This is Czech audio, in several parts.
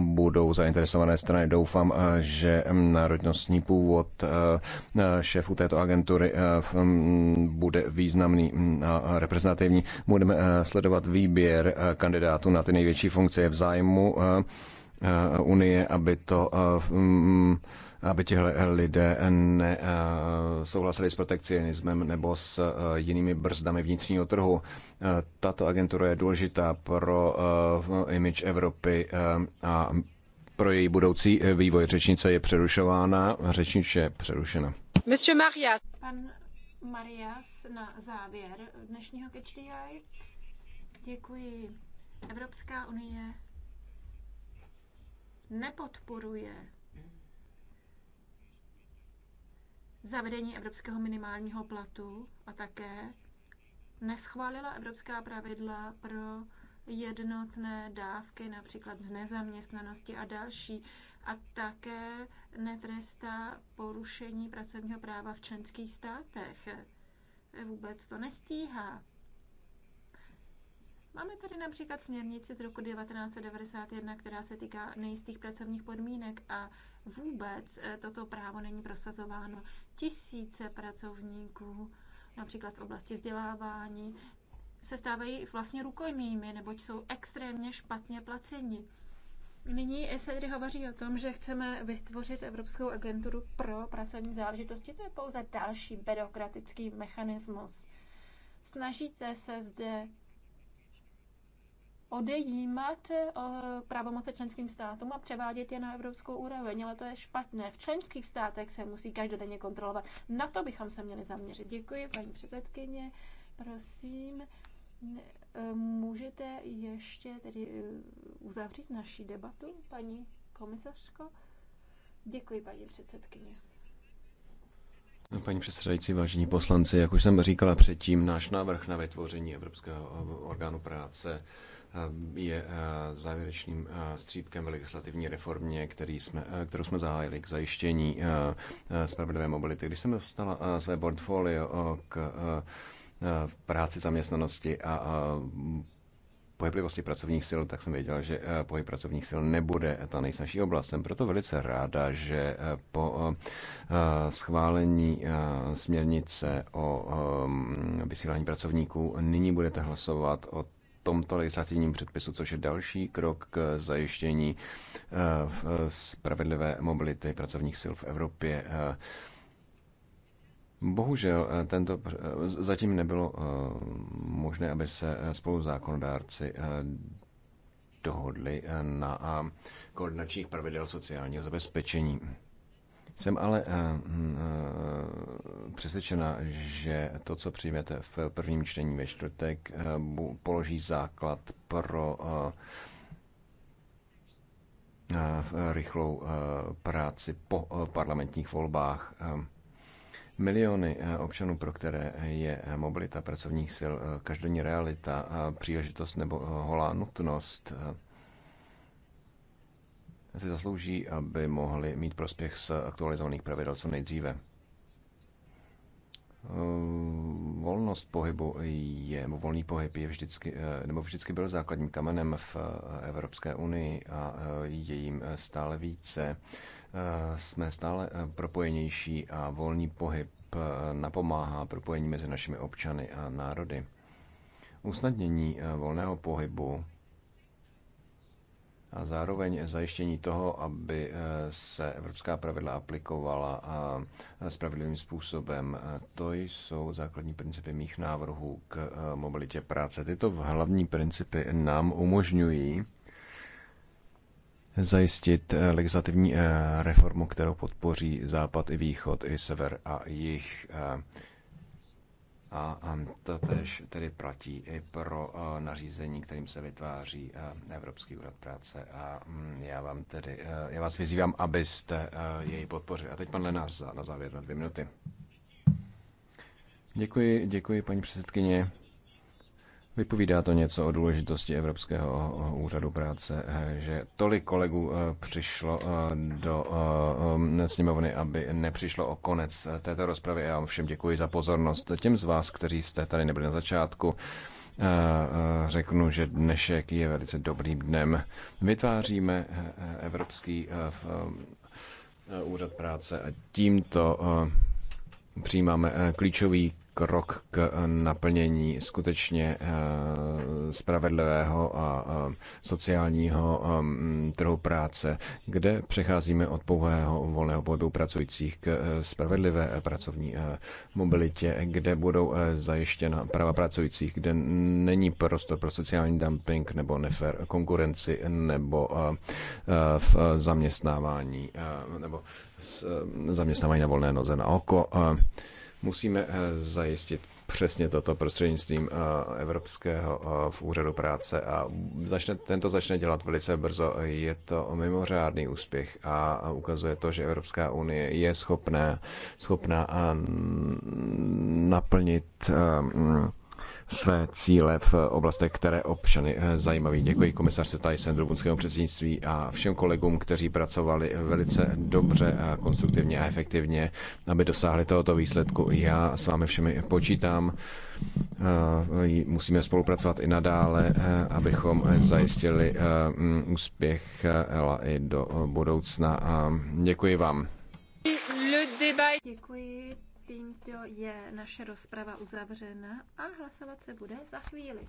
budou zainteresované strany. Doufám, eh, že národnostní původ eh, eh, šéfu této agentury mm, bude významný mm, a reprezentativní. Budeme sledovat výběr kandidátů na ty největší funkce v zájmu Unie, aby to mm, aby tihle lidé ne, eh, souhlasili s protekcionismem nebo s eh, jinými brzdami vnitřního trhu. Eh, tato agentura je důležitá pro image Evropy a pro její budoucí vývoj. Řečnice je přerušována, řečnice je přerušena. Mr. Marias. Pan Marias na závěr dnešního KHDI. Děkuji. Evropská unie nepodporuje zavedení evropského minimálního platu a také neschválila evropská pravidla pro jednotné dávky, například z nezaměstnanosti a další, a také netrestá porušení pracovního práva v členských státech. Vůbec to nestíhá. Máme tady například směrnici z roku 1991, která se týká nejistých pracovních podmínek a vůbec eh, toto právo není prosazováno. Tisíce pracovníků, například v oblasti vzdělávání, se stávají vlastně rukojmími, neboť jsou extrémně špatně placeni. Nyní se tedy hovoří o tom, že chceme vytvořit Evropskou agenturu pro pracovní záležitosti. To je pouze další byrokratický mechanismus. Snažíte se zde odejímat eh, pravomoce členským státům a převádět je na evropskou úroveň, ale to je špatné. V členských státech se musí každodenně kontrolovat. Na to bychom se měli zaměřit. Děkuji, paní předsedkyně. Prosím, eh, můžete ještě tedy eh, uzavřít naší debatu, paní komisařko? Děkuji, paní předsedkyně. Paní předsedající, vážení poslanci, jak už jsem říkala předtím, náš návrh na vytvoření Evropského orgánu práce eh, je eh, závěrečným eh, střípkem v legislativní reformě, který jsme, kterou jsme zahájili k zajištění spravedlivé mobility. Když jsem dostala své portfolio k práci zaměstnanosti a pohyblivosti pracovních sil, tak jsem věděl, že eh, pohyb pracovních sil nebude ta nejsnažší oblast. Jsem proto velice ráda, že eh, po eh, schválení směrnice o vysílání pracovníků nyní budete hlasovat o tomto legislativním předpisu, což je další krok k zajištění spravedlivé mobility pracovních sil v Evropě. Bohužel eh, tento, eh, zatím nebylo eh, možné, aby se spolu zákonodárci dohodli na koordinačních pravidel sociálního zabezpečení. Jsem ale hm, přesvědčena, že to, co přijmete v prvním čtení ve čtvrtek, položí základ pro rychlou práci po parlamentních volbách. Miliony eh, občanů, pro které je eh, mobilita pracovních sil eh, každodenní realita, příležitost nebo holá nutnost, si zaslouží, aby mohli mít prospěch z aktualizovaných pravidel co nejdříve. Eh, volnost pohybu je, nebo volný pohyb je vždycky, eh, nebo vždycky byl základním kamenem v eh, Evropské unii a jim stále více. Jsme stále propojenější a volný pohyb napomáhá propojení mezi našimi občany a národy. Usnadnění volného pohybu a zároveň zajištění toho, aby eh, se evropská pravidla aplikovala eh, spravedlivým způsobem. To jsou základní principy mých návrhů k eh, mobilitě práce. Tyto hlavní principy nám umožňují zajistit legislativní reformu, kterou podpoří Západ i Východ, i Sever a Jih. A to tež tedy platí i pro nařízení, kterým se vytváří Evropský úřad práce. A mm, já vám tedy, já vás vyzývám, abyste jej podpořili. A teď pan Lenář na závěr na dvě minuty. Děkuji, děkuji paní předsedkyně. Vypovídá to něco o důležitosti Evropského úřadu práce, že tolik kolegů eh, přišlo eh, do eh, sněmovny, aby nepřišlo o konec této rozpravy. Já vám všem děkuji za pozornost. Těm z vás, kteří jste tady nebyli na začátku, řeknu, že dnešek je velice dobrým dnem. Vytváříme Evropský úřad práce a tímto přijímáme klíčový krok k eh, naplnění skutečně eh, spravedlivého a eh, sociálního trhu práce, kde přecházíme od pouhého volného pohybu pracujících k spravedlivé pracovní mobilitě, kde budou zajištěna práva pracujících, kde není prostor pro sociální dumping nebo nefer konkurenci nebo v zaměstnávání nebo zaměstnávání na volné noze na oko Musíme eh, zajistit přesně toto prostřednictvím eh, Evropského eh, v úřadu práce a začne, tento začne dělat velice brzo. Je to mimořádný úspěch a ukazuje to, že Evropská unie je schopná, schopná naplnit své cíle v oblastech, které občany eh, zajímaví. Děkuji komisarce Tyson, rumunskému předsednictví a všem kolegům, kteří pracovali velice dobře a konstruktivně a efektivně, aby dosáhli tohoto výsledku. Já s vámi všemi počítám. Eh, musíme spolupracovat i nadále, eh, abychom zajistili mm, úspěch ELA i do budoucna. Děkuji vám. Děkuji tímto je naše rozprava uzavřena a hlasovat se bude za chvíli.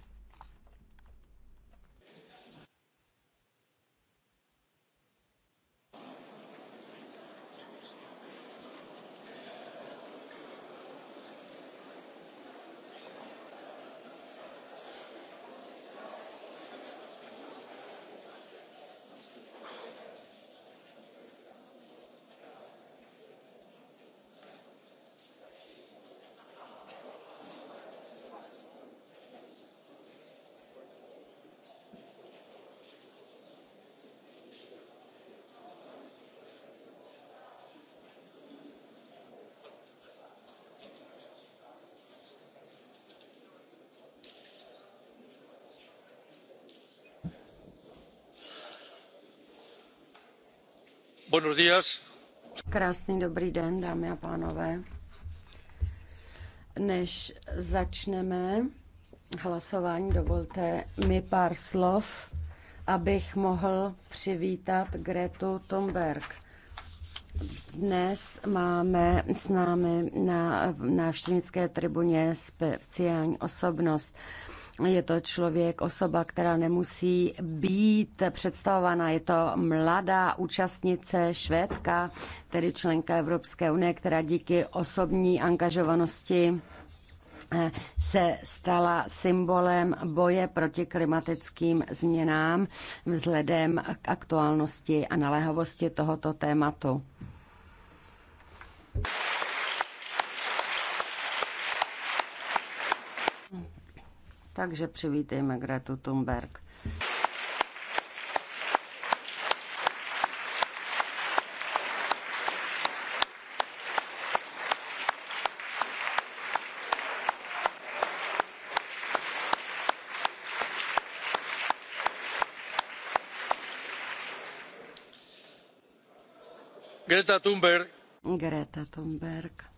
Krásný dobrý den, dámy a pánové. Než začneme hlasování, dovolte mi pár slov, abych mohl přivítat Gretu Thunberg. Dnes máme s námi na návštěvnické tribuně speciální osobnost. Je to člověk, osoba, která nemusí být představována. Je to mladá účastnice Švédka, tedy členka Evropské unie, která díky osobní angažovanosti eh, se stala symbolem boje proti klimatickým změnám vzhledem k aktuálnosti a naléhavosti tohoto tématu. Takže přivítejme Gretu Thunberg. Greta Thunberg. Greta Thunberg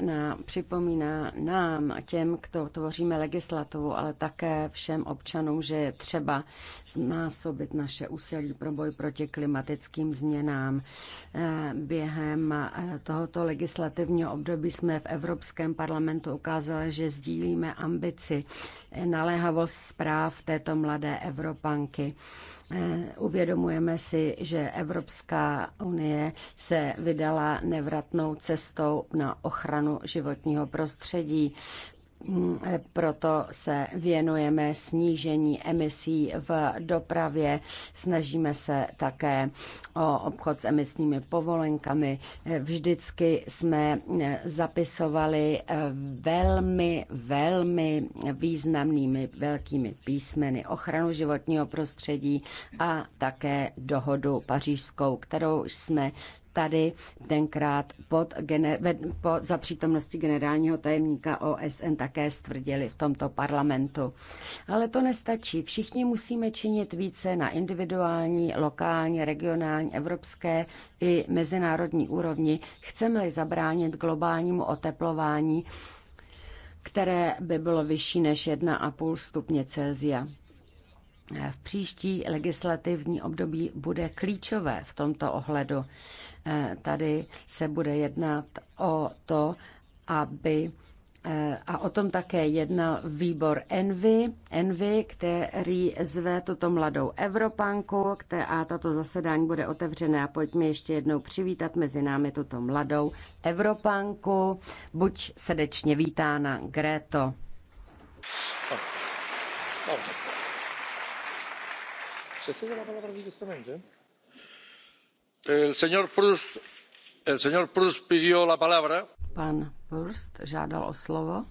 na, připomíná nám, těm, kdo tvoříme legislativu, ale také všem občanům, že je třeba znásobit naše úsilí pro boj proti klimatickým změnám. Eh, během eh, tohoto legislativního období jsme v Evropském parlamentu ukázali, že sdílíme ambici eh, naléhavost zpráv této mladé Evropanky Eh, uvědomujeme si, že Evropská unie se vydala nevratnou cestou na ochranu životního prostředí. Eh, proto se věnujeme snížení emisí v dopravě, snažíme se také o obchod s emisními povolenkami. Eh, vždycky jsme eh, zapisovali velmi, velmi významnými velkými písmeny ochranu životního prostředí a také dohodu pařížskou, kterou jsme tady tenkrát pod, gener, po, za přítomnosti generálního tajemníka OSN také stvrdili v tomto parlamentu. Ale to nestačí. Všichni musíme činit více na individuální, lokální, regionální, evropské i mezinárodní úrovni. Chceme-li zabránit globálnímu oteplování, které by bylo vyšší než 1,5 stupně Celsia v příští legislativní období bude klíčové v tomto ohledu. Eh, tady se bude jednat o to, aby eh, a o tom také jednal výbor Envy, Envy, který zve tuto mladou Evropanku a tato zasedání bude otevřené. A pojďme ještě jednou přivítat mezi námi tuto mladou Evropanku. Buď srdečně vítána, Gréto. Oh. Oh o slovo.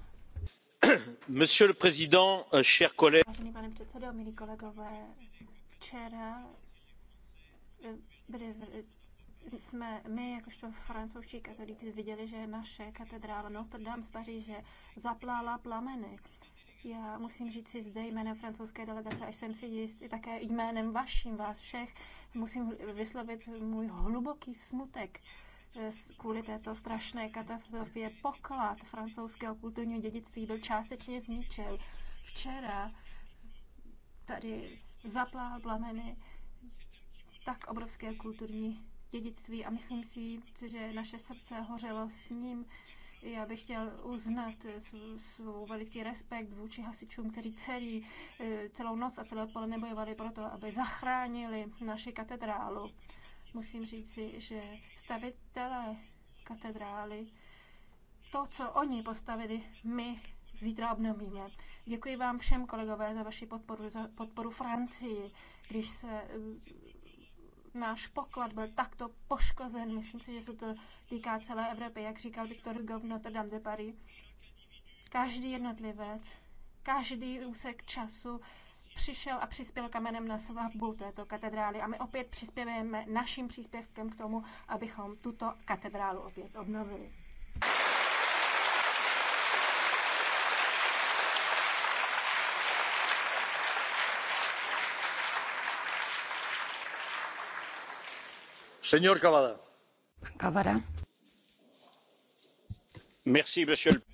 monsieur le président euh, chers collègues vážený pane předsedo milí kolegové včera eh, eh, jsme my, jakožto francouzští katolíci, viděli, že naše katedrála Notre Dame z Paříže zaplála plameny. Já musím říct si zde jménem francouzské delegace, až jsem si jist, i také jménem vaším, vás všech, musím vyslovit můj hluboký smutek eh, kvůli této strašné katastrofě. Poklad francouzského kulturního dědictví byl částečně zničen. Včera tady zaplál plameny tak obrovské kulturní dědictví a myslím si, že naše srdce hořelo s ním. Já bych chtěl uznat eh, svou veliký respekt vůči hasičům, kteří celý, eh, celou noc a celé odpoledne bojovali pro to, aby zachránili naši katedrálu. Musím říci, že stavitelé katedrály, to, co oni postavili, my zítra obnovíme. Děkuji vám všem, kolegové, za vaši podporu, za podporu Francii, když se eh, náš poklad byl takto poškozen. Myslím si, že se to týká celé Evropy, jak říkal Viktor Hugo v Notre Dame de Paris. Každý jednotlivec, každý úsek času přišel a přispěl kamenem na svatbu této katedrály a my opět přispějeme naším příspěvkem k tomu, abychom tuto katedrálu opět obnovili. Kavada.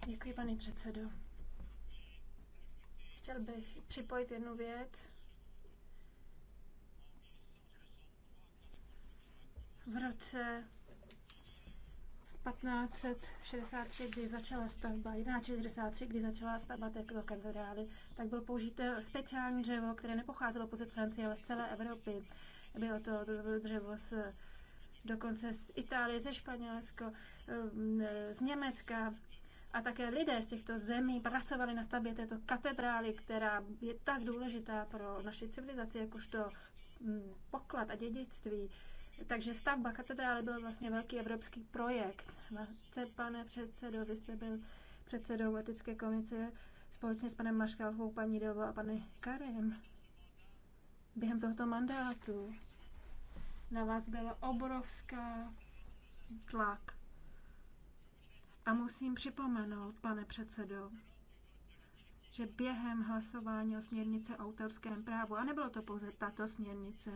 Děkuji, pane předsedo. Chtěl bych připojit jednu věc. V roce 1563, kdy začala stavba, 1163, kdy začala stavba této katedrály, tak bylo použité speciální dřevo, které nepocházelo pouze z Francie, ale z celé Evropy. Bylo to dřevo z dokonce z Itálie, ze Španělsko, um, eh, z Německa. A také lidé z těchto zemí pracovali na stavbě této katedrály, která je tak důležitá pro naši civilizaci, jakožto mm, poklad a dědictví. Takže stavba katedrály byl vlastně velký evropský projekt. Vlastně, pane předsedo, vy jste byl předsedou etické komise společně s panem Maškalkou, paní Dovo a panem Karem během tohoto mandátu na vás byl obrovský tlak. A musím připomenout, pane předsedo, že během hlasování o směrnice o autorském právu, a nebylo to pouze tato směrnice,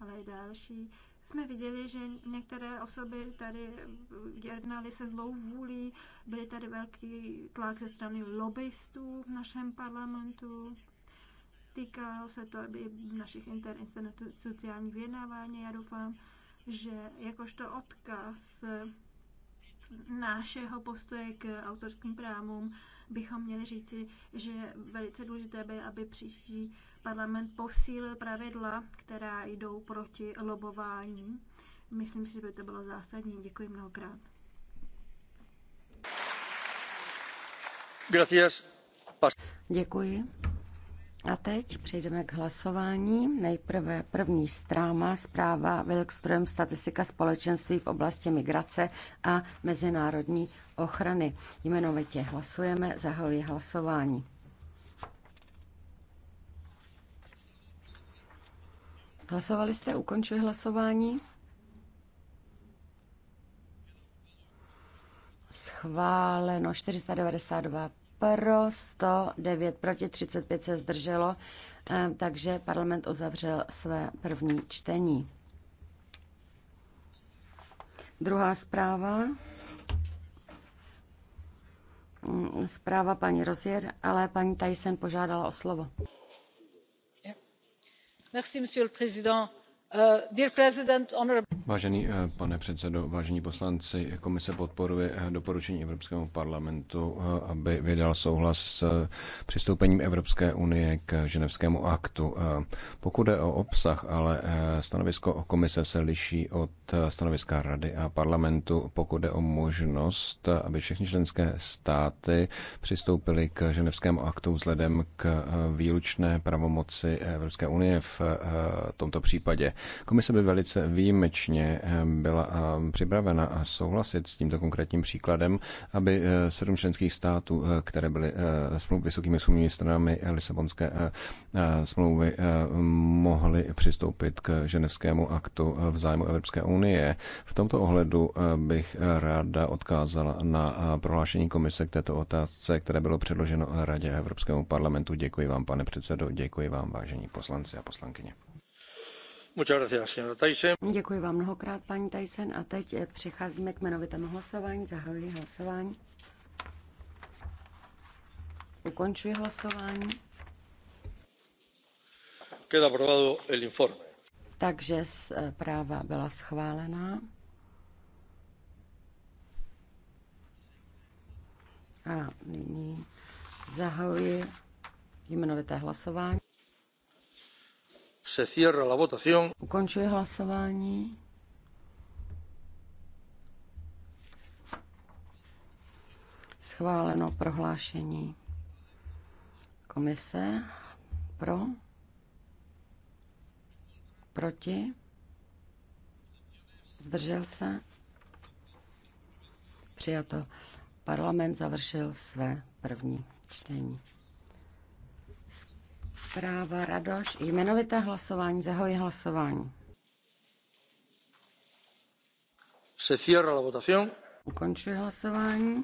ale i další, jsme viděli, že některé osoby tady jednaly se zlou vůlí, byly tady velký tlak ze strany lobbystů v našem parlamentu. Týkalo se to i našich interinstitucionálních vyjednávání. Já doufám, že jakožto odkaz našeho postoje k autorským právům bychom měli říci, že velice důležité by, aby příští parlament posílil pravidla, která jdou proti lobování. Myslím si, že by to bylo zásadní. Děkuji mnohokrát. Gracias. Děkuji. A teď přejdeme k hlasování. Nejprve první stráma, zpráva Wilkström, statistika společenství v oblasti migrace a mezinárodní ochrany. Jmenovitě hlasujeme, zahajuji hlasování. Hlasovali jste, ukončili hlasování? Schváleno 492 pro 109, proti 35 se zdrželo, eh, takže parlament uzavřel své první čtení. Druhá zpráva. Mm, zpráva paní Rozier, ale paní Tyson požádala o slovo. Merci, monsieur le président. Euh, dear president, honorable... Vážený eh, pane předsedo, vážení poslanci, komise podporuje eh, doporučení Evropskému parlamentu, eh, aby vydal souhlas s přistoupením Evropské unie k ženevskému aktu. Pokud jde o obsah, ale stanovisko komise se liší od stanoviska rady a parlamentu, pokud jde o možnost, aby všechny členské státy přistoupily k ženevskému aktu vzhledem k výlučné pravomoci Evropské unie v tomto případě. Komise by velice výjimečně země ehm, byla ehm, připravena a souhlasit s tímto konkrétním příkladem, aby eh, sedm členských států, eh, které byly eh, smluv, vysokými smluvními stranami Lisabonské smlouvy, mohly přistoupit k ženevskému aktu v zájmu Evropské unie. V tomto ohledu bych ráda odkázala na prohlášení komise k této otázce, které bylo předloženo Radě Evropskému parlamentu. Děkuji vám, pane předsedo, děkuji vám, vážení poslanci a poslankyně. Děkuji vám mnohokrát, paní Tyson. A teď eh, přecházíme k jmenovitému hlasování. Zahajuji hlasování. Ukončuji hlasování. Queda aprobado el informe. Takže zpráva eh, byla schválená. A nyní zahajuji jmenovité hlasování. Se cierra la votación. Ukončuji hlasování. Schváleno prohlášení komise pro, proti, zdržel se, přijato. Parlament završil své první čtení. Práva Radoš, jmenovité hlasování, zahoji hlasování. Se cierra la votación. Ukončuji hlasování.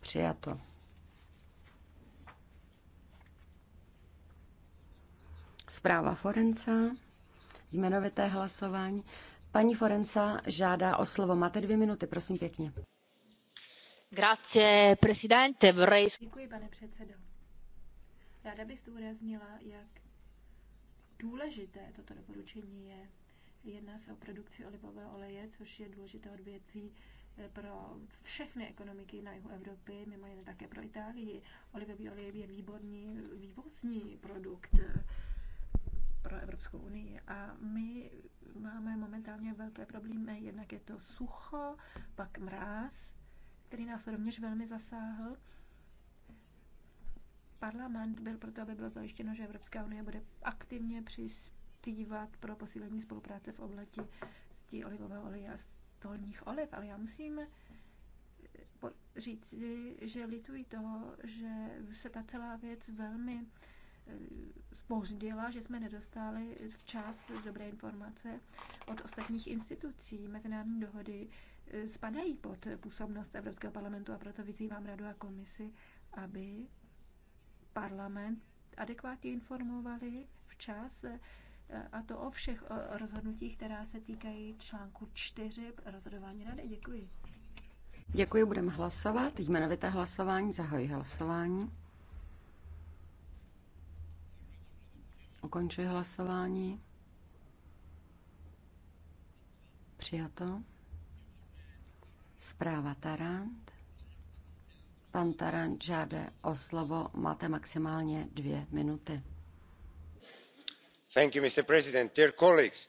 Přijato. Zpráva Forenca, jmenovité hlasování. Paní Forenca žádá o slovo. Máte dvě minuty, prosím pěkně pane předsedající Ráda bych zdůraznila, jak důležité toto doporučení je. Jedná se o produkci olivového oleje, což je důležité odvětví eh, pro všechny ekonomiky na jihu Evropy, mimo jiné také pro Itálii. Olivový olej je výborný vývozní produkt eh, pro Evropskou unii. A my máme momentálně velké problémy, jednak je to sucho, pak mráz který nás rovněž velmi zasáhl. Parlament byl proto, aby bylo zajištěno, že Evropská unie bude aktivně přispívat pro posílení spolupráce v oblasti olivového oleje a stolních oliv, ale já musím eh, říct, že lituji toho, že se ta celá věc velmi spoždila, eh, že jsme nedostali včas dobré informace od ostatních institucí. Mezinárodní dohody spadají pod působnost Evropského parlamentu a proto vyzývám radu a komisi, aby parlament adekvátně informovali včas eh, a to o všech eh, rozhodnutích, která se týkají článku 4 rozhodování rady. Děkuji. Děkuji, budeme hlasovat. Jmenovité hlasování, zahajuji hlasování. Ukončuji hlasování. Přijato. Zpráva Tarant. Pan Tarant žádá o slovo. Máte maximálně dvě minuty. Thank you, Mr. President. Dear colleagues,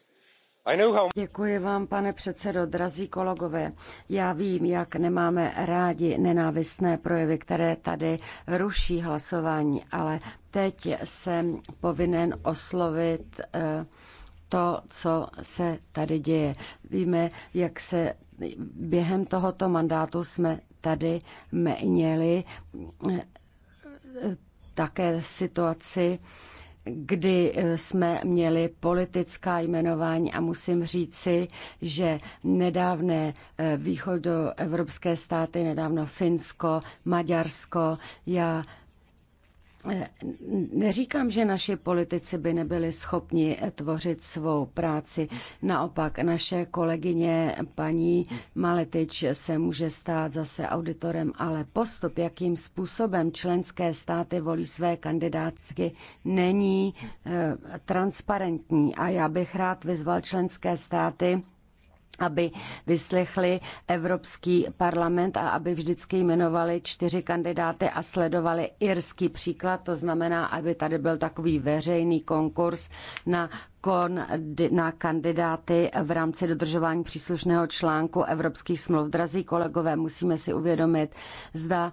Děkuji vám, pane předsedo, drazí kolegové. Já vím, jak nemáme rádi nenávistné projevy, které tady ruší hlasování, ale teď jsem povinen oslovit eh, to, co se tady děje. Víme, jak se během tohoto mandátu jsme tady měli eh, také situaci, kdy eh, jsme měli politická jmenování a musím říci, že nedávné eh, východoevropské státy, nedávno Finsko, Maďarsko, já Eh, neříkám, že naši politici by nebyli schopni tvořit svou práci. Naopak, naše kolegyně paní Maletič se může stát zase auditorem, ale postup, jakým způsobem členské státy volí své kandidátky, není eh, transparentní. A já bych rád vyzval členské státy, aby vyslechli Evropský parlament a aby vždycky jmenovali čtyři kandidáty a sledovali irský příklad, to znamená, aby tady byl takový veřejný konkurs na kon na kandidáty v rámci dodržování příslušného článku evropských smluv. Drazí kolegové, musíme si uvědomit, zda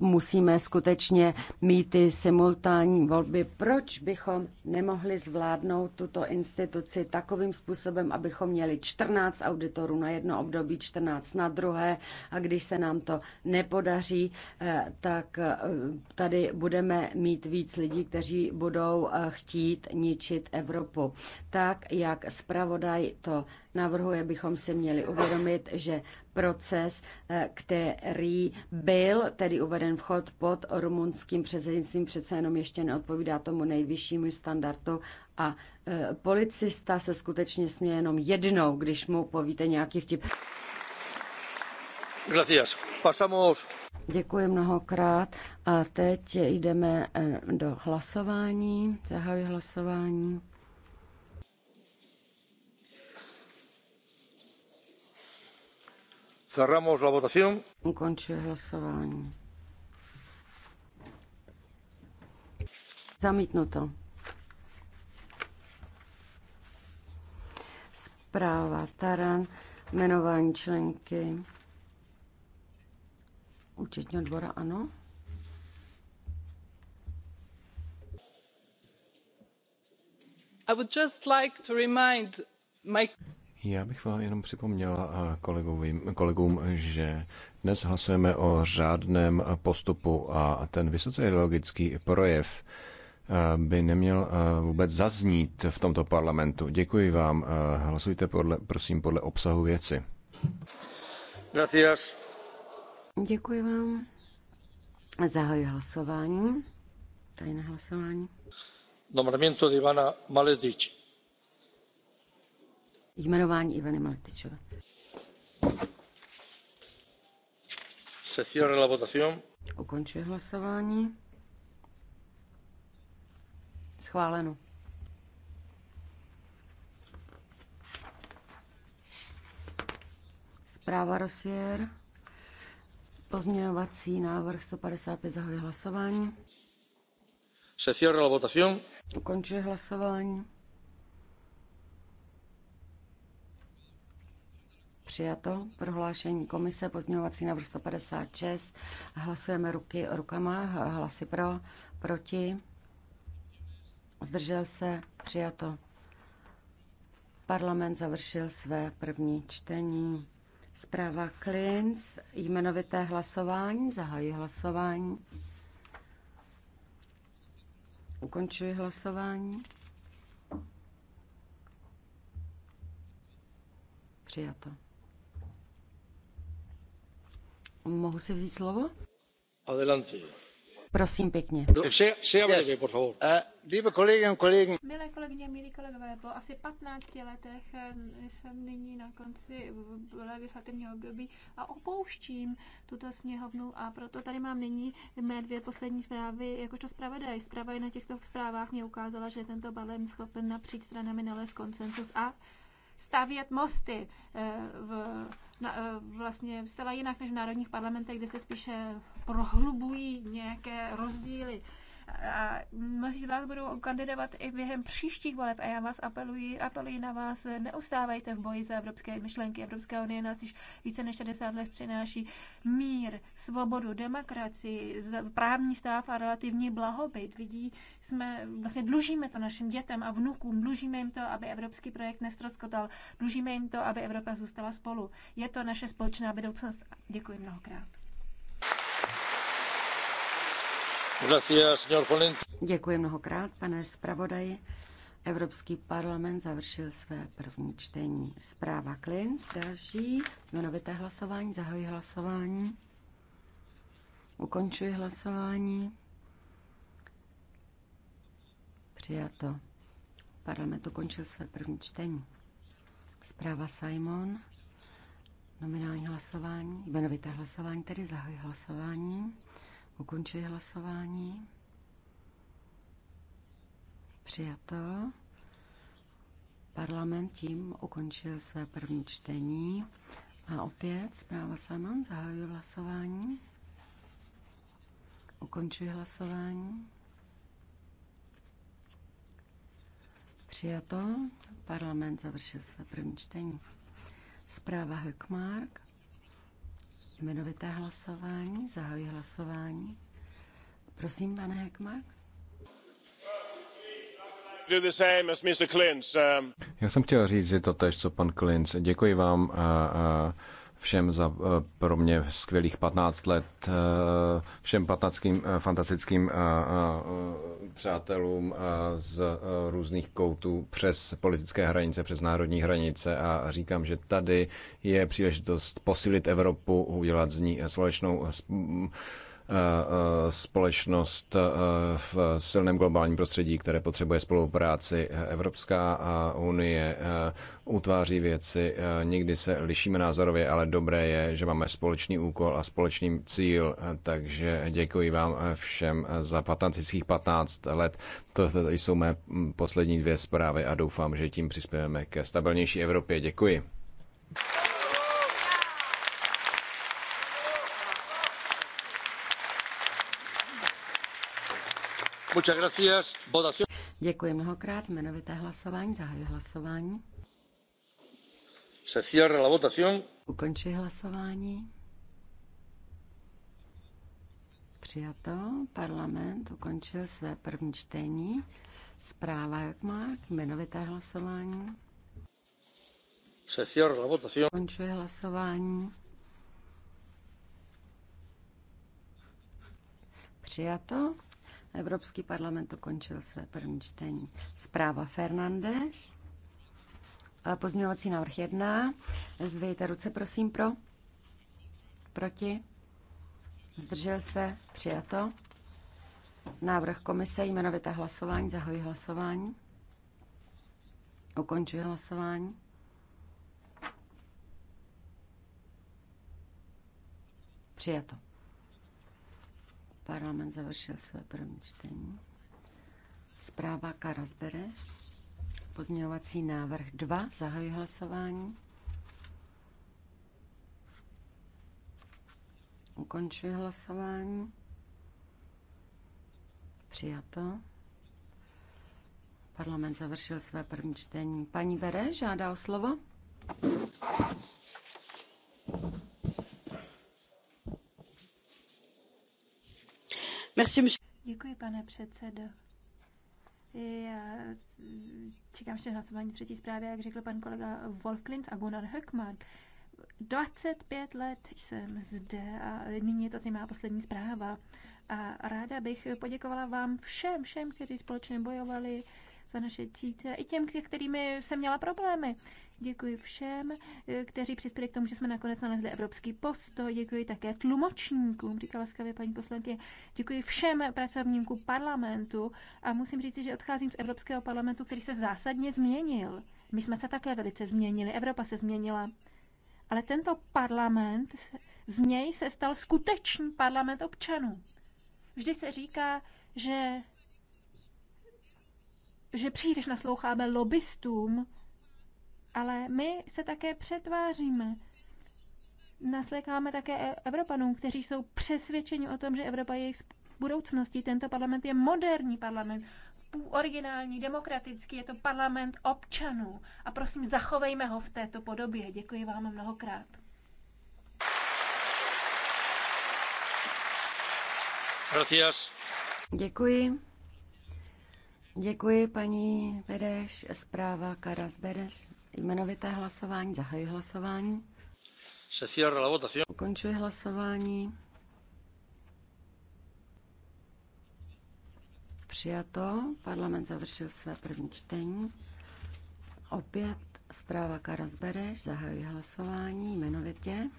musíme skutečně mít ty simultánní volby. Proč bychom nemohli zvládnout tuto instituci takovým způsobem, abychom měli 14 auditorů na jedno období, 14 na druhé a když se nám to nepodaří, eh, tak eh, tady budeme mít víc lidí, kteří budou eh, chtít ničit Evropu. Tak, jak zpravodaj to navrhuje, bychom si měli uvědomit, že proces, eh, který byl tedy uveden vchod pod rumunským předsednictvím, přece jenom ještě neodpovídá tomu nejvyššímu standardu a eh, policista se skutečně směje jenom jednou, když mu povíte nějaký vtip. Gracias. Pasamos. Děkuji mnohokrát a teď jdeme eh, do hlasování. Zahajuji hlasování. Cerramos la votación. Ukončuji hlasování. Zamítnuto. Zpráva Taran, jmenování členky účetního dvora, ano. I would just like to remind my... Já bych vám jenom připomněla kolegovým, kolegům, že dnes hlasujeme o řádném postupu a ten vysoce ideologický projev eh, by neměl eh, vůbec zaznít v tomto parlamentu. Děkuji vám. Eh, hlasujte podle, prosím podle obsahu věci. Gracias. Děkuji vám. Zahajuji hlasování. Tajné hlasování. Nombramiento de Ivana Maledici jmenování Ivany Maletičové. Se la votación. hlasování. Schváleno. Zpráva Rosier. Pozměňovací návrh 155 zahajuje hlasování. Se cierra la votación. Ukončuje hlasování. Přijato. Prohlášení komise, pozměňovací návrh 156. Hlasujeme ruky rukama, hlasy pro, proti. Zdržel se. Přijato. Parlament završil své první čtení. Zpráva Klins, jmenovité hlasování, zahají hlasování. Ukončuji hlasování. Přijato. Mohu si vzít slovo? Adelante. Prosím pěkně. Eh, Milé kolegyně, milí kolegové, po asi 15 letech jsem nyní na konci legislativního období a opouštím tuto sněhovnu a proto tady mám nyní mé dvě poslední zprávy jakožto zpravodaj. Zpravodaj na těchto zprávách mě ukázala, že tento balem schopen napříč stranami nalézt koncensus a stavět mosty eh, v, na, eh, vlastně zcela jinak než v národních parlamentech, kde se spíše prohlubují nějaké rozdíly a mnozí z vás budou kandidovat i během příštích voleb a já vás apeluji, apeluji na vás, neustávejte v boji za evropské myšlenky. Evropská unie nás již více než 60 let přináší mír, svobodu, demokracii, právní stav a relativní blahobyt. Vidí, jsme, vlastně dlužíme to našim dětem a vnukům, dlužíme jim to, aby evropský projekt nestroskotal, dlužíme jim to, aby Evropa zůstala spolu. Je to naše společná budoucnost. Děkuji mnohokrát. Děkuji mnohokrát, pane zpravodaji. Evropský parlament završil své první čtení. Zpráva Klins, další jmenovité hlasování, zahoji hlasování. Ukončuji hlasování. Přijato. Parlament ukončil své první čtení. Zpráva Simon, nominální hlasování, jmenovité hlasování, tedy zahoji hlasování. Ukončuji hlasování. Přijato. Parlament tím ukončil své první čtení. A opět zpráva Simon, zahajuji hlasování. Ukončuji hlasování. Přijato. Parlament završil své první čtení. Zpráva Höckmark. Jmenovité hlasování, zahajuji hlasování. Prosím, pane Heckmark. Um. Já jsem chtěl říct že to tež, co pan Klinc. Děkuji vám. A, a všem za eh, pro mě skvělých 15 let, eh, všem 15 eh, fantastickým přátelům z různých koutů přes politické hranice, přes národní hranice a říkám, že tady je příležitost posílit Evropu, udělat z ní společnou Eh, společnost eh, v silném globálním prostředí, které potřebuje spolupráci. Evropská eh, unie utváří věci, někdy se lišíme názorově, ale dobré je, že máme společný úkol a společný cíl, takže děkuji vám všem za fantastických 15 let. To jsou mé mm, poslední dvě zprávy a doufám, že tím přispějeme ke stabilnější Evropě. Děkuji. Děkuji mnohokrát. Jmenovité hlasování. Zahajuji hlasování. Se cierra la votación. Ukončuji hlasování. Přijato. Parlament ukončil své první čtení. Zpráva, jak má, jmenovité hlasování. Se cierra la votación. Ukončuji hlasování. Přijato. Evropský parlament ukončil své první čtení. Zpráva Fernandez. Pozměňovací návrh 1. Zdvejte ruce, prosím, pro. Proti. Zdržel se. Přijato. Návrh komise jmenovité hlasování. Zahojí hlasování. Ukončuji hlasování. Přijato. Parlament završil své první čtení. Zpráva Karasbereš. Pozměňovací návrh 2. Zahajuji hlasování. Ukončuji hlasování. Přijato. Parlament završil své první čtení. Paní Bere žádá o slovo. Děkuji, pane předsedo. Já čekám ještě hlasování třetí zprávy, jak řekl pan kolega Wolf Klintz a Gunnar Höckmark. 25 let jsem zde a nyní je to tady má poslední zpráva. A ráda bych poděkovala vám všem, všem, kteří společně bojovali, za naše dítě, i těm, kterými jsem měla problémy. Děkuji všem, eh, kteří přispěli k tomu, že jsme nakonec nalezli evropský postoj. Děkuji také tlumočníkům, říkala skvělá paní poslankyně. Děkuji všem pracovníkům parlamentu a musím říct, že odcházím z Evropského parlamentu, který se zásadně změnil. My jsme se také velice změnili, Evropa se změnila. Ale tento parlament, z něj se stal skutečný parlament občanů. Vždy se říká, že že příliš nasloucháme lobbystům, ale my se také přetváříme. Naslékáme také e- Evropanům, kteří jsou přesvědčeni o tom, že Evropa je jejich budoucností. Tento parlament je moderní parlament, originální, demokratický, je to parlament občanů. A prosím, zachovejme ho v této podobě. Děkuji vám mnohokrát. Gracias. Děkuji. Děkuji, paní Bedeš. Zpráva Karas Bedeš. Jmenovité hlasování. Zahají hlasování. Se cierra la votación. Ukončuji hlasování. Přijato. Parlament završil své první čtení. Opět zpráva Karas Bereš. Zahajuji hlasování jmenovitě.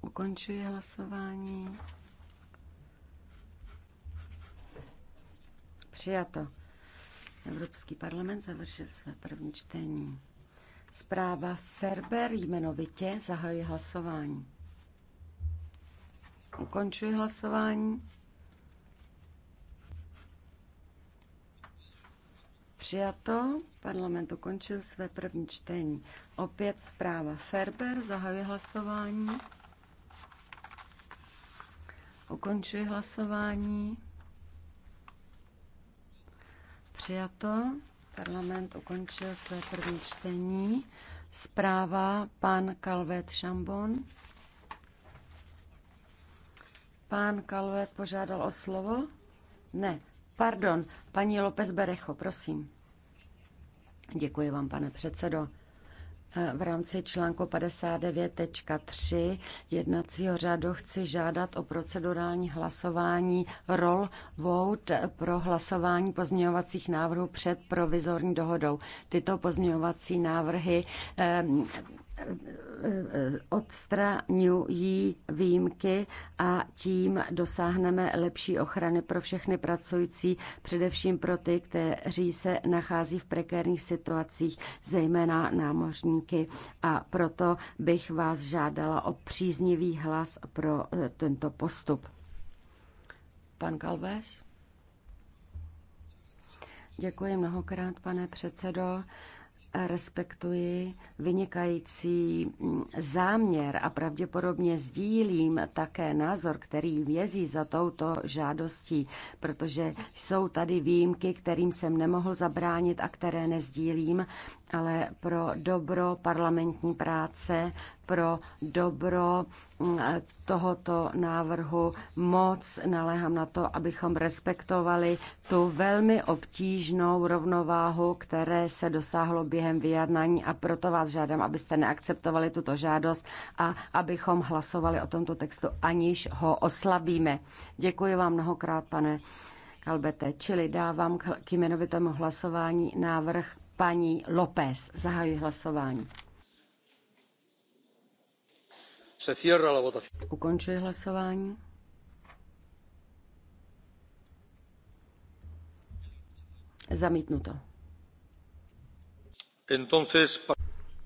Ukončuji hlasování. Přijato. Evropský parlament završil své první čtení. Zpráva Ferber jmenovitě zahají hlasování. Ukončuji hlasování. Přijato. Parlament ukončil své první čtení. Opět zpráva Ferber zahají hlasování. Ukončuji hlasování přijato. Parlament ukončil své první čtení. Zpráva pan Calvet Šambon. Pán Calvet požádal o slovo? Ne, pardon, paní López Berecho, prosím. Děkuji vám, pane předsedo v rámci článku 59.3 jednacího řádu chci žádat o procedurální hlasování roll vote pro hlasování pozměňovacích návrhů před provizorní dohodou. Tyto pozměňovací návrhy ehm, odstraňují výjimky a tím dosáhneme lepší ochrany pro všechny pracující, především pro ty, kteří se nachází v prekérních situacích, zejména námořníky. A proto bych vás žádala o příznivý hlas pro eh, tento postup. Pan Kalves? Děkuji mnohokrát, pane předsedo respektuji vynikající záměr a pravděpodobně sdílím také názor, který vězí za touto žádostí, protože jsou tady výjimky, kterým jsem nemohl zabránit a které nezdílím ale pro dobro parlamentní práce, pro dobro mm, tohoto návrhu moc naléhám na to, abychom respektovali tu velmi obtížnou rovnováhu, které se dosáhlo během vyjednání a proto vás žádám, abyste neakceptovali tuto žádost a abychom hlasovali o tomto textu, aniž ho oslabíme. Děkuji vám mnohokrát, pane Kalbete. Čili dávám k jmenovitému hlasování návrh paní López. Zahajuji hlasování. Se cierra la votación. Ukončuji hlasování. Zamítnuto. Entonces...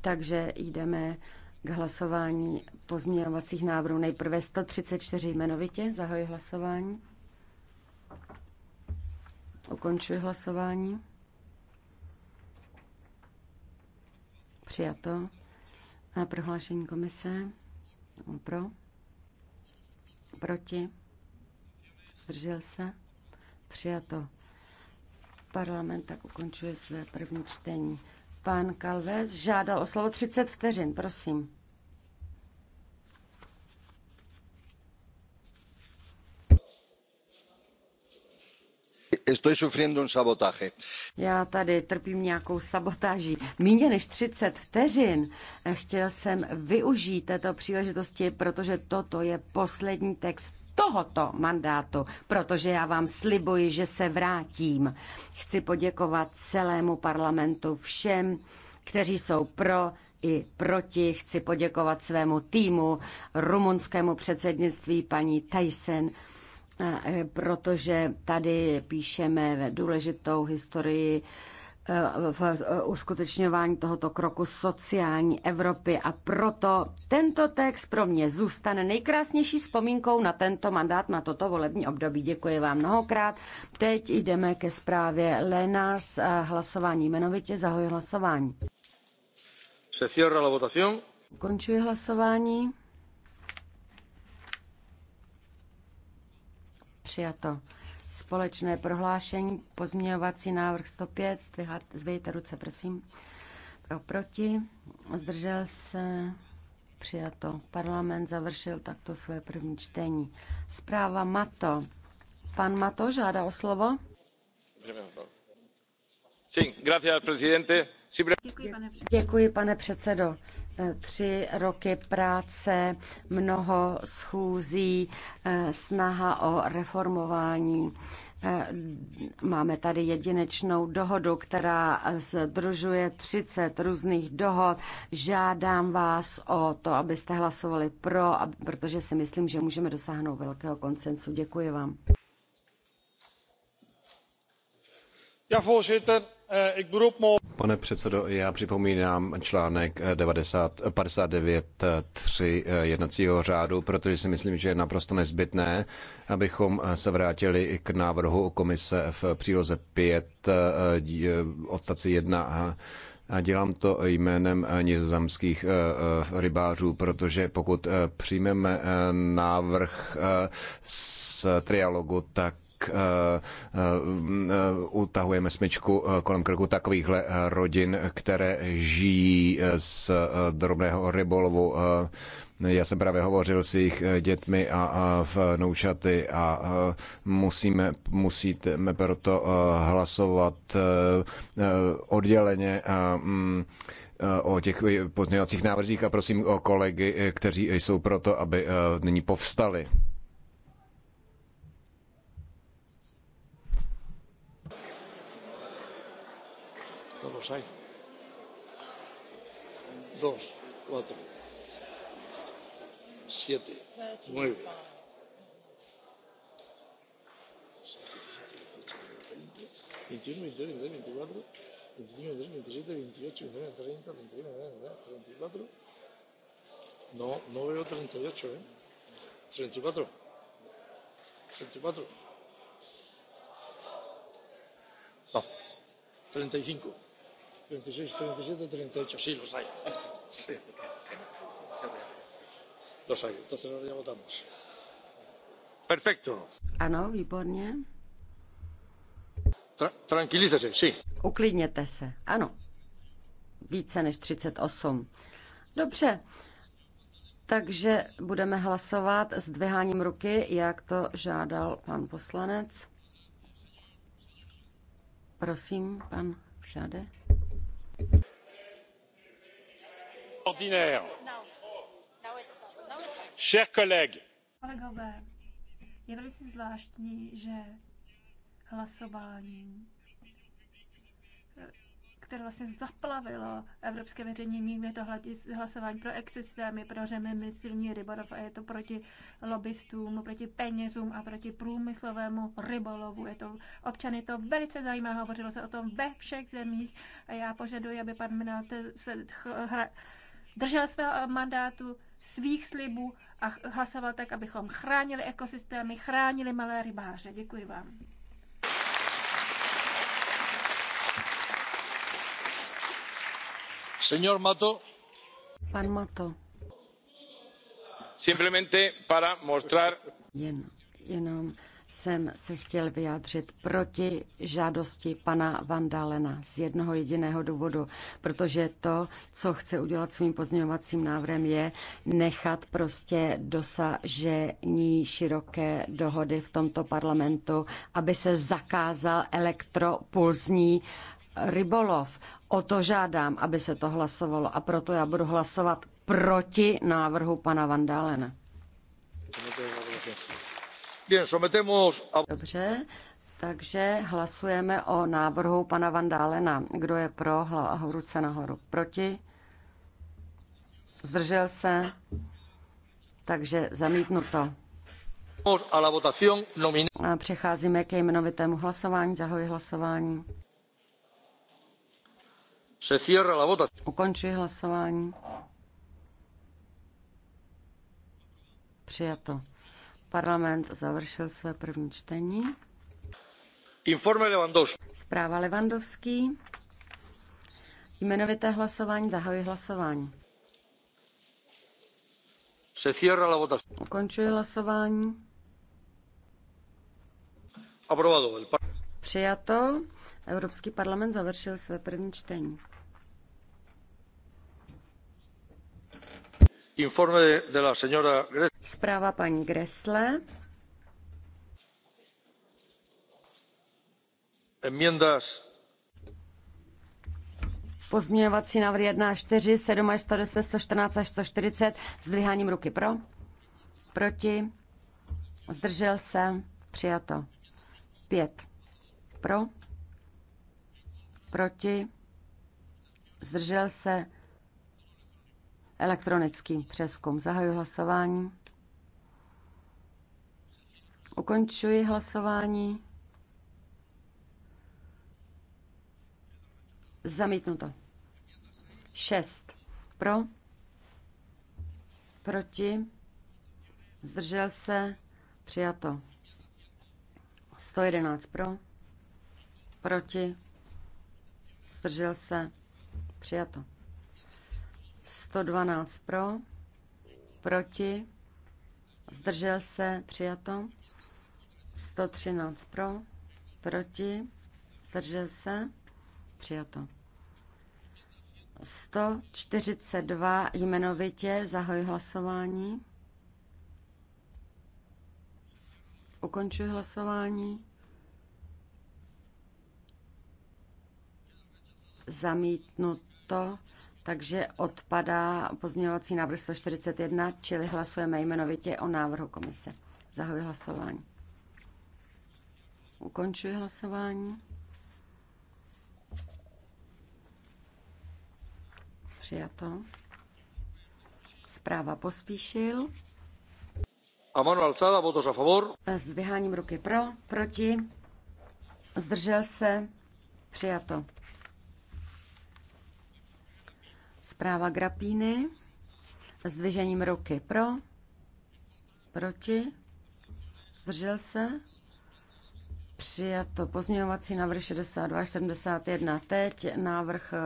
Takže jdeme k hlasování pozměňovacích návrhů. Nejprve 134 jmenovitě. Zahajuji hlasování. Ukončuji hlasování. Přijato. A prohlášení komise pro. Proti. Zdržel se. Přijato. Parlament tak ukončuje své první čtení. Pan Kalves žádal o slovo 30 vteřin, prosím. Estoy sufriendo un sabotaje. Já tady trpím nějakou sabotáží. Míně než 30 vteřin chtěl jsem využít této příležitosti, protože toto je poslední text tohoto mandátu, protože já vám slibuji, že se vrátím. Chci poděkovat celému parlamentu, všem, kteří jsou pro i proti. Chci poděkovat svému týmu, rumunskému předsednictví paní Tyson, E, protože tady píšeme důležitou historii e, v e, uskutečňování tohoto kroku sociální Evropy a proto tento text pro mě zůstane nejkrásnější vzpomínkou na tento mandát, na toto volební období. Děkuji vám mnohokrát. Teď jdeme ke zprávě Lenars hlasování. Jmenovitě zahoj hlasování. Se cierra la votación. Končuji hlasování. Přijato. Společné prohlášení, pozměňovací návrh 105, zvejte ruce, prosím. Pro proti, zdržel se, přijato. Parlament završil takto své první čtení. Zpráva Mato. Pan Mato žádá o slovo. Děkuji, pane předsedo tři roky práce, mnoho schůzí, eh, snaha o reformování. Eh, máme tady jedinečnou dohodu, která združuje 30 různých dohod. Žádám vás o to, abyste hlasovali pro, protože si myslím, že můžeme dosáhnout velkého konsensu. Děkuji vám. Eh, Pane předsedo, já připomínám článek 90, eh, eh, three jednacího řádu, protože si myslím, že je naprosto nezbytné, abychom se vrátili k návrhu komise v příloze five odstavci one a dělám to jménem nizozemských rybářů, protože pokud přijmeme návrh z trialogu, tak Eh, eh, utahujeme smyčku eh, kolem krku takovýchhle rodin, které žijí z drobného rybolovu. Já jsem právě hovořil s jejich dětmi a, v noučaty a musíme, musíme proto hlasovat odděleně mm, o těch pozměňovacích návrzích a prosím o kolegy, kteří jsou proto, aby nyní povstali. los hay dos cuatro siete nueve veintiuno veintidós veintitrés veinticuatro veinticinco veintiséis veintisiete veintiocho veintinueve treinta treinta y uno treinta y cuatro no no veo treinta y ocho eh treinta y cuatro treinta y cuatro no treinta y cinco ano, výborně. Tra- sí. Uklidněte se. Ano. Více než 38. Dobře. Takže budeme hlasovat s dviháním ruky, jak to žádal pan poslanec. Prosím, pan Všade. extraordinaire chers collègues kolegové je velice zvláštní že hlasování které vlastně zaplavilo evropské veřejné mínění. Je to hlasování pro ekosystémy, pro řemesylní rybolov a je to proti lobbystům, proti penězům a proti průmyslovému rybolovu. Je to, občany to velice zajímá, hovořilo se o tom ve všech zemích a já požaduji, aby pan Minát se hra, držel svého mandátu, svých slibů a hlasoval tak, abychom chránili ekosystémy, chránili malé rybáře. Děkuji vám. Señor Mato. Pan Mato. Simplemente para mostrar. Jen, jenom jsem se chtěl vyjádřit proti žádosti pana Vandalena z jednoho jediného důvodu, protože to, co chce udělat svým pozměňovacím návrhem, je nechat prostě dosažení široké dohody v tomto parlamentu, aby se zakázal elektropulzní rybolov. O to žádám, aby se to hlasovalo a proto já budu hlasovat proti návrhu pana Vandalena. Dobře, takže hlasujeme o návrhu pana dalena Kdo je pro, ruce nahoru. Proti? Zdržel se? Takže zamítnuto. A přecházíme ke jmenovitému hlasování. Zahoji hlasování. Ukončuji hlasování. Přijato. Parlament završil své první čtení. Informe Lewandowski. Zpráva Lewandowský. Jmenovité hlasování, zahajuji hlasování. Se cierra la votación. Ukončuji hlasování. Aprobado. Přijato. Evropský parlament završil své první čtení. paní de pozměňovací návrhy one paní four seven až one hundred and ten one hundred and fourteen až and forty zdviháním ruky pro. Proti. Zdržel se. Přijato. pět, Pro. Proti. Zdržel se. Elektronický přeskum. Zahajuji hlasování. Ukončuji hlasování. Zamítnuto. 6. Pro. Proti. Zdržel se. Přijato. 111 pro. Proti. Zdržel se. Přijato. 112 pro, proti, zdržel se, přijato. 113 pro, proti, zdržel se, přijato. 142 jmenovitě zahoj hlasování. Ukončuji hlasování. Zamítnuto takže odpadá pozměňovací návrh 141, čili hlasujeme jmenovitě o návrhu komise. Zahajuji hlasování. Ukončuji hlasování. Přijato. Zpráva pospíšil. A mano alzada, votos a favor. S vyháním ruky pro, proti. Zdržel se. Přijato. Zpráva Grapíny s dvižením ruky pro, proti, zdržel se, přijato pozměňovací návrh 62 až 71. Teď návrh eh,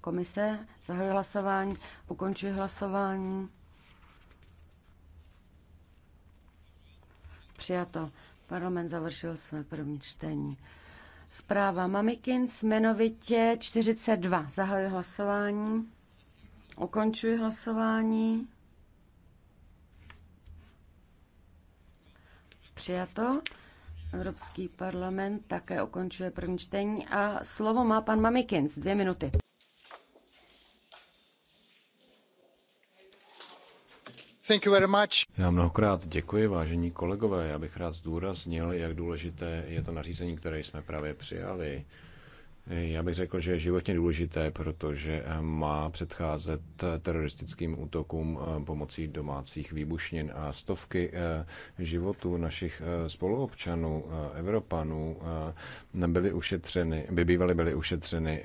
komise, zahajuji hlasování, ukončuji hlasování. Přijato. Parlament završil své první čtení. Zpráva Mamikins, jmenovitě 42. Zahajuji hlasování. Ukončuji hlasování. Přijato. Evropský parlament také ukončuje první čtení a slovo má pan Mamikins. Dvě minuty. Já mnohokrát děkuji, vážení kolegové. Já bych rád zdůraznil, jak důležité je to nařízení, které jsme právě přijali. Já bych řekl, že je životně důležité, protože eh, má předcházet eh, teroristickým útokům eh, pomocí domácích výbušnin a stovky životů našich spoluobčanů, Evropanů, byly ušetřeny, by bývaly byly ušetřeny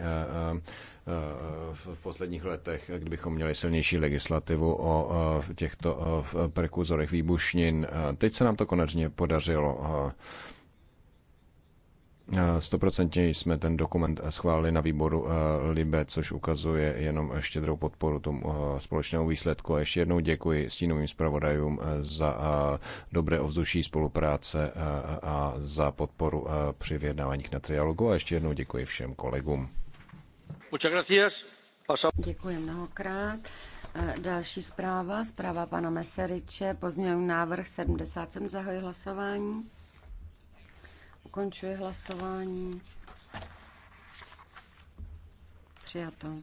v posledních letech, kdybychom měli silnější legislativu o těchto prekuzorech výbušnin. Teď se nám to konečně podařilo Stoprocentně jsme ten dokument eh, schválili na výboru eh, Libe, což ukazuje jenom štědrou podporu tomu eh, společnému výsledku. A ještě jednou děkuji stínovým zpravodajům za dobré ovzduší spolupráce a za podporu při vyjednáváních na trialogu. A ještě jednou děkuji všem kolegům. Děkuji mnohokrát. Další zpráva, zpráva pana Meseriče, pozměňují návrh 77, zahoji hlasování ukončuje hlasování. Přijato.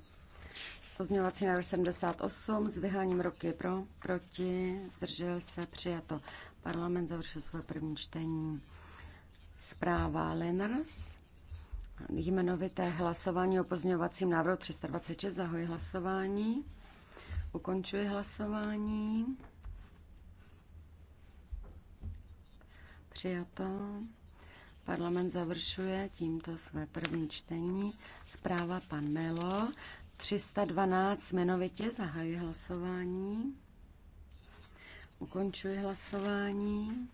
Pozměňovací návrh 78 s vyháním roky pro, proti, zdržel se, přijato. Parlament završil své první čtení. Zpráva Lenars. Jmenovité hlasování o pozměňovacím návrhu 326. Zahoji hlasování. Ukončuji hlasování. Přijato. Parlament završuje tímto své první čtení. Zpráva pan Melo. 312 jmenovitě zahajuje hlasování. Ukončuji hlasování.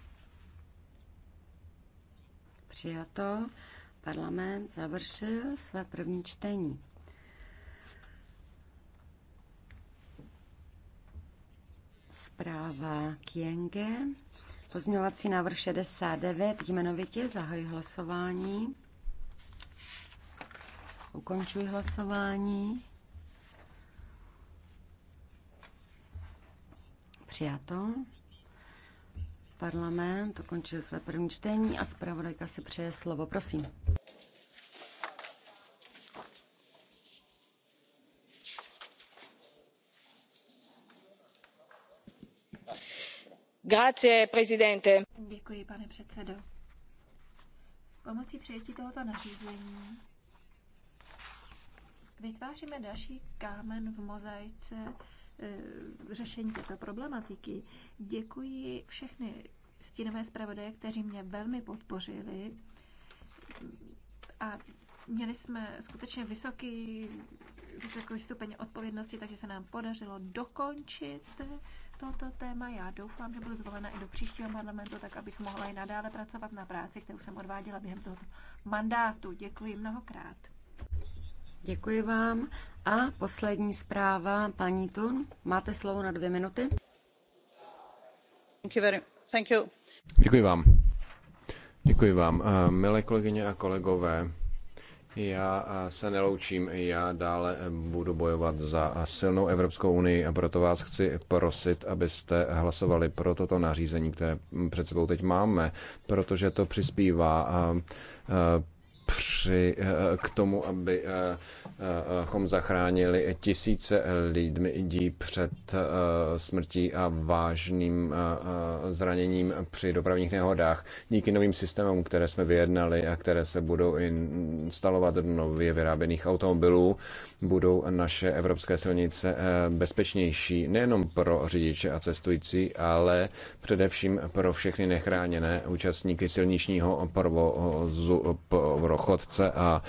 Přijato. Parlament završil své první čtení. Zpráva Kienge. Pozměňovací návrh 69, jmenovitě zahajuji hlasování. Ukončuji hlasování. Přijato. Parlament ukončil své první čtení a zpravodajka si přeje slovo. Prosím. Děkuji, pane předsedající Pomocí přijetí tohoto nařízení vytváříme další kámen v mozaice e, řešení této problematiky. Děkuji všechny stínové zpravodaje, kteří mě velmi podpořili a měli jsme skutečně vysoký vysokou stupeň odpovědnosti, takže se nám podařilo dokončit toto téma. Já doufám, že budu zvolena i do příštího parlamentu, tak abych mohla i nadále pracovat na práci, kterou jsem odváděla během tohoto mandátu. Děkuji mnohokrát. Děkuji vám. A poslední zpráva, paní Tun. Máte slovo na dvě minuty. Thank you very, thank you. Děkuji vám. Děkuji vám. Eh, milé kolegyně a kolegové, já eh, se neloučím, já dále eh, budu bojovat za eh, silnou Evropskou unii a proto vás chci prosit, abyste hlasovali pro toto nařízení, které mm, před sebou teď máme, protože to přispívá při, eh, k tomu, abychom eh, eh, zachránili tisíce lidí před smrtí a vážným zraněním při dopravních nehodách. Díky novým systémům, které jsme vyjednali a které se budou instalovat do nově vyráběných automobilů, budou naše evropské silnice eh, bezpečnější nejenom pro řidiče a cestující, ale především pro všechny nechráněné účastníky silničního provozu, pro chodce a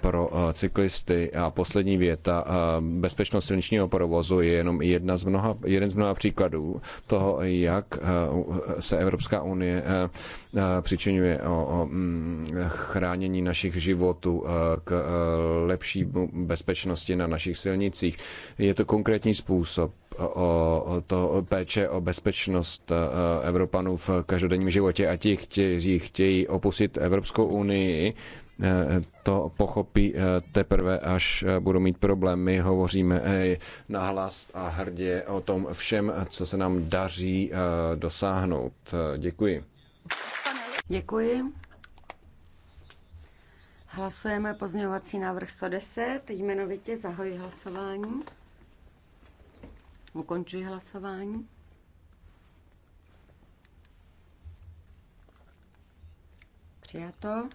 pro eh, cyklisty. A poslední věta, eh, bezpečnost silničního provozu je jenom jedna z mnoha, jeden z mnoha příkladů toho, jak se Evropská unie přičinuje o mm, chránění našich životů k lepší bezpečnosti bezpečnosti na našich silnicích. Je to konkrétní způsob o to péče o bezpečnost e, Evropanů v každodenním životě a ti, kteří chtějí opustit Evropskou unii, e, to pochopí e, teprve, až budou mít problém. My hovoříme nahlas a hrdě o tom všem, co se nám daří dosáhnout. Děkuji. Děkuji. Hlasujeme pozměňovací návrh 110, jmenovitě zahoji hlasování. Ukončuji hlasování. Přijato.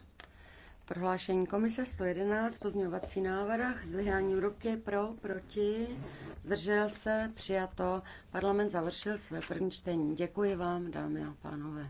Prohlášení komise 111, pozměňovací návrh, zdvihání ruky pro, proti, zdržel se, přijato. Parlament završil své první čtení. Děkuji vám, dámy a pánové.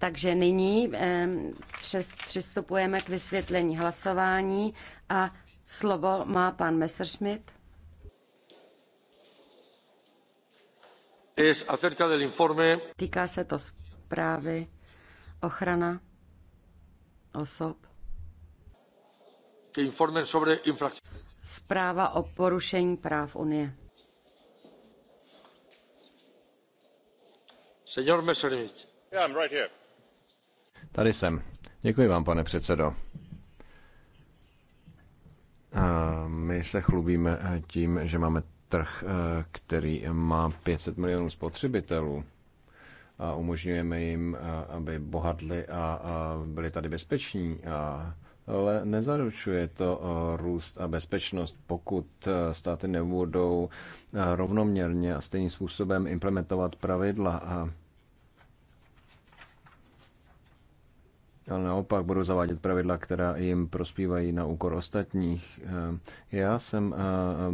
Takže nyní přistupujeme k vysvětlení hlasování a slovo má pan Messerschmidt. Týká se to zprávy ochrana osob. Zpráva o porušení práv Unie. Tady jsem. Děkuji vám, pane předsedo. My se chlubíme tím, že máme trh, eh, který má 500 milionů spotřebitelů a umožňujeme jim, eh, aby bohatli a byli tady bezpeční a ale nezaručuje to eh, růst a bezpečnost, pokud eh, státy nebudou eh, rovnoměrně a stejným způsobem implementovat pravidla a ale naopak budou zavádět pravidla, která jim prospívají na úkor ostatních. Já jsem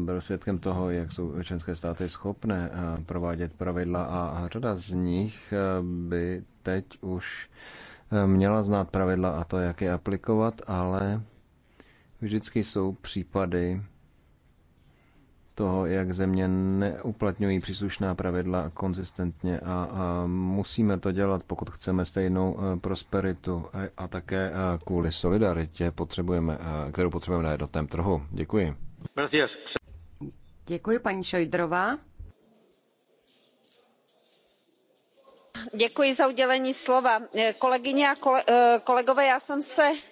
byl svědkem toho, jak jsou členské státy schopné provádět pravidla a řada z nich by teď už měla znát pravidla a to, jak je aplikovat, ale vždycky jsou případy toho, jak země neuplatňují příslušná pravidla konzistentně a, a musíme to dělat, pokud chceme stejnou e, prosperitu a, a také e, kvůli solidaritě, potřebujeme, e, kterou potřebujeme na jednotném trhu. Děkuji. Děkuji, paní Šojdrová. Eh, kolegyně a eh, kolegové já jsem se hlásila do diskuse o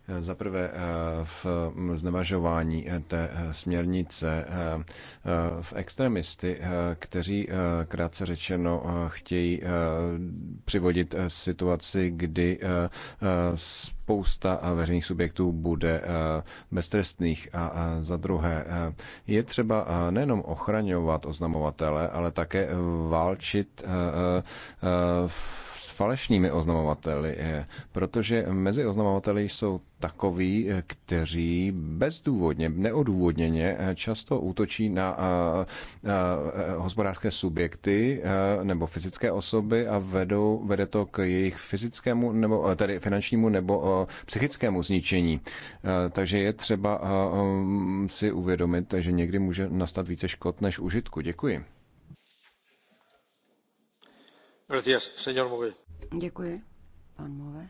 Za prvé eh, v mm, znevažování eh, té eh, směrnice v extremisty, kteří krátce řečeno chtějí přivodit situaci, kdy spousta veřejných subjektů bude beztrestných. A za druhé, je třeba nejenom ochraňovat oznamovatele, ale také válčit s falešnými oznamovateli, protože mezi oznamovateli jsou takoví, eh, kteří bezdůvodně, neodůvodněně eh, často útočí na eh, hospodářské subjekty nebo fyzické osoby a vedou, vede to k jejich fyzickému nebo tedy finančnímu nebo psychickému zničení. Takže je třeba mm, si uvědomit, že někdy může nastat více škod než užitku. Děkuji. Děkuji, pan Move.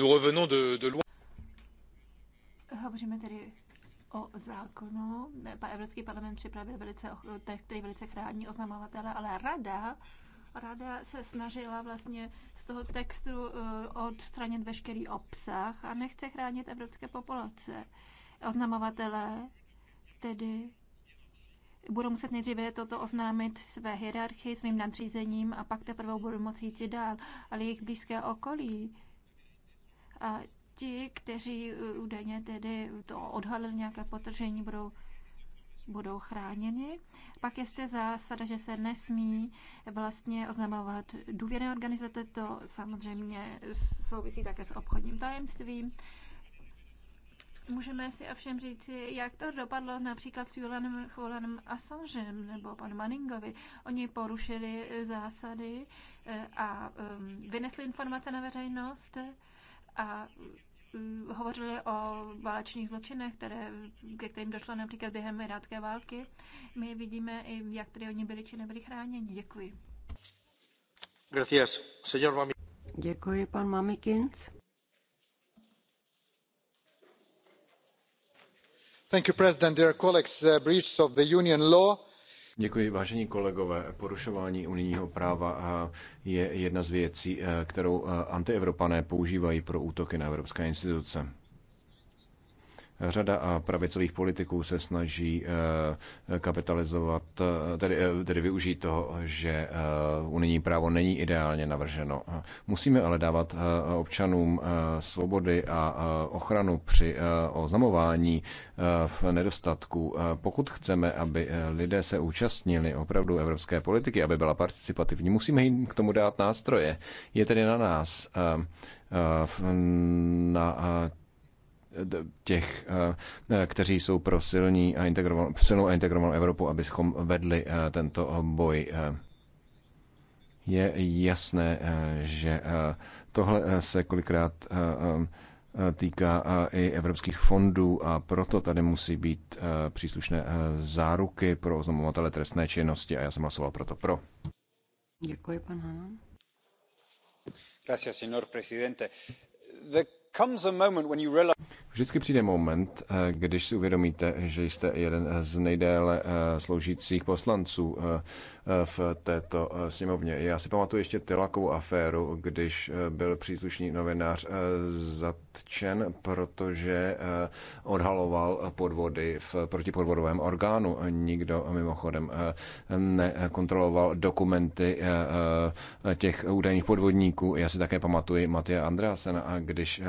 Nous revenons de, de loin. Hovoříme tedy o zákonu. Evropský parlament připravil velice, eh, který velice chrání oznamovatele, ale rada Rada se snažila vlastně z toho textu eh, odstranit veškerý obsah a nechce chránit evropské populace. oznamovatele, tedy budou muset nejdříve toto oznámit své hierarchii, svým nadřízením a pak teprve budou moci jít dál. Ale jejich blízké okolí a ti, kteří e, údajně tedy to odhalili nějaké potržení, budou budou chráněni. Pak je zde zásada, že se nesmí vlastně oznamovat důvěrné organizace, to samozřejmě souvisí také s obchodním tajemstvím. Můžeme si ovšem říci, jak to dopadlo například s Julianem Cholanem Assangem nebo pan Manningovi. Oni porušili zásady e, a um, vynesli informace na veřejnost a mm, hovořili o válečných zločinech, které, ke kterým došlo například během irácké války. My vidíme, i jak tedy oni byli či nebyli chráněni. Děkuji. Gracias. Señor Mami. Děkuji, pan Mamikins. Thank you, President. Dear colleagues, breach of the union law Děkuji, vážení kolegové. Porušování unijního práva eh, je jedna z věcí, eh, kterou eh, antievropané používají pro útoky na evropské instituce. Řada pravicových politiků se snaží eh, kapitalizovat, eh, tedy, eh, tedy využít toho, že unijní právo není ideálně navrženo. Musíme ale dávat občanům svobody a ochranu při oznamování v nedostatku. Pokud chceme, aby lidé se účastnili opravdu evropské politiky, aby byla participativní, musíme jim k tomu dát nástroje. Je tedy na nás, na těch, eh, kteří jsou pro silní a integrovanou, silnou a integrovanou Evropu, abychom vedli eh, tento boj. Eh, je jasné, že tohle se kolikrát týká i evropských fondů a proto tady musí být příslušné záruky pro oznamovatele trestné činnosti a já jsem hlasoval proto pro. Děkuji, pan Hanan. Gracias, señor presidente. The Vždycky přijde moment, eh, když si uvědomíte, že jste jeden z nejdéle eh, sloužících poslanců eh, v této sněmovně. Já si pamatuju ještě Tylakovou aféru, když byl příslušný novinář zatčen, protože odhaloval podvody v protipodvodovém orgánu. Nikdo mimochodem nekontroloval dokumenty těch údajných podvodníků. Já si také pamatuji Matěja Andreasena, když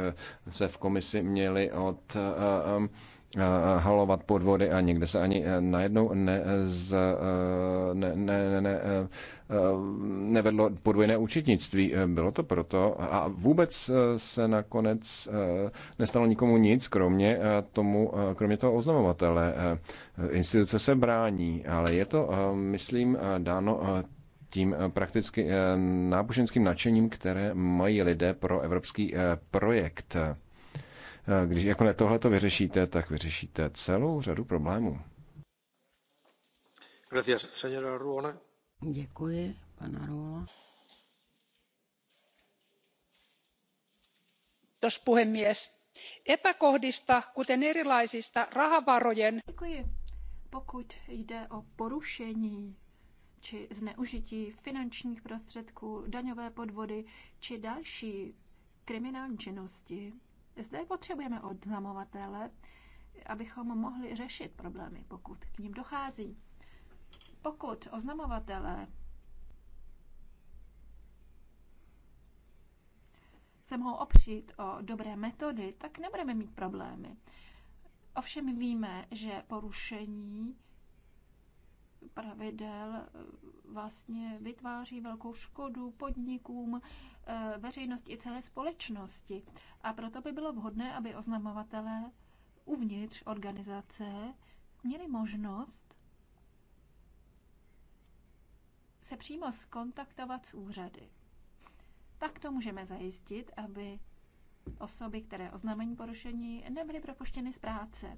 se v komisi měli od eh, eh, eh, halovat podvody a někde se ani najednou ne, z, ne, ne, ne, ne, nevedlo podvojné účetnictví. Bylo to proto a vůbec se nakonec nestalo nikomu nic, kromě, tomu, kromě toho oznamovatele. Instituce se brání, ale je to, myslím, dáno tím eh, prakticky eh, náboženským nadšením, které mají lidé pro evropský eh, projekt. Když jako ne tohle to vyřešíte, tak vyřešíte celou řadu problémů. Děkuji, pana Ruola. Kiitos puhemies. Epäkohdista, kuten erilaisista rahavarojen... Děkuji. Pokud jde o porušení či zneužití finančních prostředků, daňové podvody či další kriminální činnosti. Zde potřebujeme odznamovatele, abychom mohli řešit problémy, pokud k ním dochází. Pokud oznamovatele se mohou opřít o dobré metody, tak nebudeme mít problémy. Ovšem víme, že porušení pravidel eh, vlastně vytváří velkou škodu podnikům, eh, veřejnosti i celé společnosti. A proto by bylo vhodné, aby oznamovatelé uvnitř organizace měli možnost se přímo skontaktovat s úřady. Tak to můžeme zajistit, aby osoby, které oznámení porušení, nebyly propuštěny z práce.